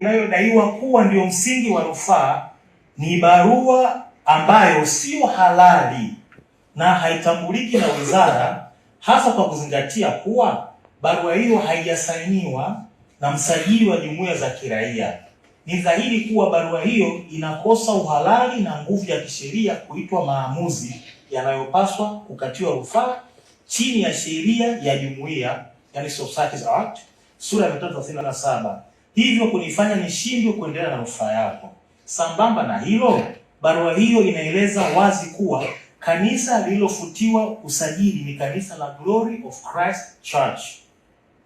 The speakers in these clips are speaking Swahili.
inayodaiwa kuwa ndiyo msingi wa rufaa ni barua ambayo siyo halali na haitambuliki na wizara, hasa kwa kuzingatia kuwa barua hiyo haijasainiwa na msajili wa jumuiya za kiraia. Ni dhahiri kuwa barua hiyo inakosa uhalali na nguvu ya kisheria kuitwa maamuzi yanayopaswa kukatiwa rufaa chini ya sheria ya jumuiya, yani Societies Act sura ya 337 hivyo kunifanya nishindwe kuendelea na rufaa yako. Sambamba na hilo, barua hiyo inaeleza wazi kuwa kanisa lililofutiwa usajili ni kanisa la Glory of Christ Church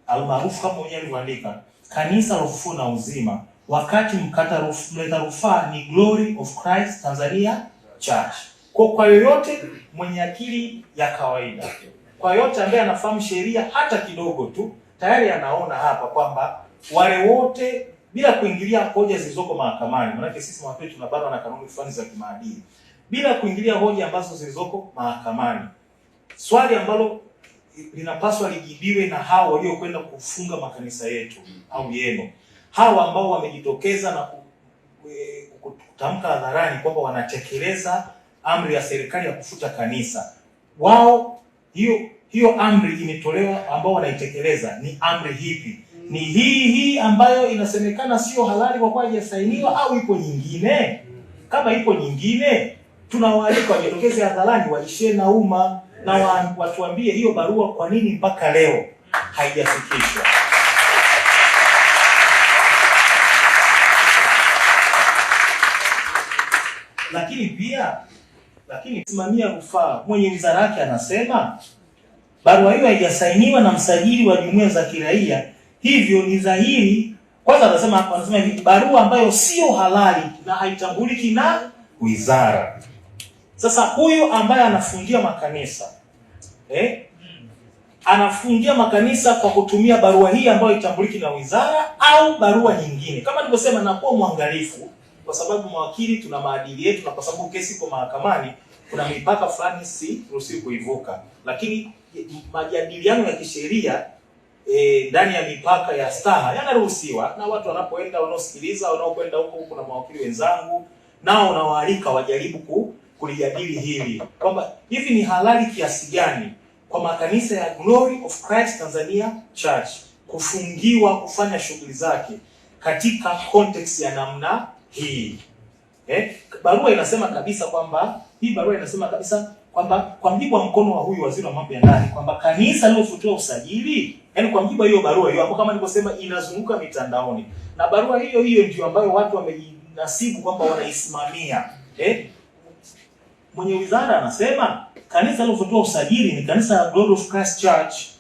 almaarufu kama mwenyewe alivyoandika, kanisa la ufufuo na uzima, wakati mleta rufaa ni Glory of Christ Tanzania Church. Kwa kwa yoyote mwenye akili ya kawaida, kwa yoyote ambaye anafahamu sheria hata kidogo tu, tayari anaona hapa kwamba wale wote bila kuingilia hoja zilizoko mahakamani, maanake sisi mawakili tunabana na kanuni fulani za kimaadili, bila kuingilia hoja ambazo zilizoko mahakamani. Swali ambalo linapaswa lijibiwe na hao waliokwenda kufunga makanisa yetu au yenu, hawa ambao wamejitokeza na e, kutamka hadharani kwamba wanatekeleza amri ya serikali ya kufuta kanisa, wao hiyo hiyo amri imetolewa, ambao wanaitekeleza ni amri hipi? ni hii hii ambayo inasemekana sio halali kwa kuwa haijasainiwa au ipo nyingine? Kama ipo nyingine, tunawaalika wajitokeze hadharani, waishie na umma na wa, watuambie hiyo barua kwa nini mpaka leo haijafikishwa. Lakini pia lakini simamia rufaa, mwenye wizara yake anasema barua hiyo haijasainiwa na msajili wa jumuiya za kiraia Hivyo ni dhahiri kwanza, anasema anasema hivi, barua ambayo sio halali na haitambuliki na wizara. Sasa huyu ambaye anafungia makanisa eh, anafungia makanisa kwa kutumia barua hii ambayo haitambuliki na wizara au barua nyingine, kama nilivyosema, na mwangalifu, kwa sababu mawakili tuna maadili yetu, na kwa sababu kesi iko mahakamani, kuna mipaka fulani si ruhusi kuivuka, lakini majadiliano ya kisheria E, ndani e, ya mipaka ya staha yanaruhusiwa, na watu wanapoenda, wanaosikiliza, wanaokwenda huko, na mawakili wenzangu nao nawaalika wajaribu ku, kulijadili hili kwamba hivi ni halali kiasi gani kwa makanisa ya Glory of Christ Tanzania Church kufungiwa kufanya shughuli zake katika context ya namna hii. Eh, barua inasema kabisa kwamba hii barua inasema kabisa kwamba kwa mjibu wa mkono wa huyu waziri wa mambo ya ndani kwamba kanisa lilofutiwa usajili Yaani kwa mujibu hiyo barua hiyo hapo kama nilivyosema inazunguka mitandaoni. Na barua hiyo hiyo ndio ambayo watu wamejinasibu kwamba wanaisimamia. Eh? Mwenye wizara anasema kanisa lilofutua usajili ni kanisa la Glory of Christ Church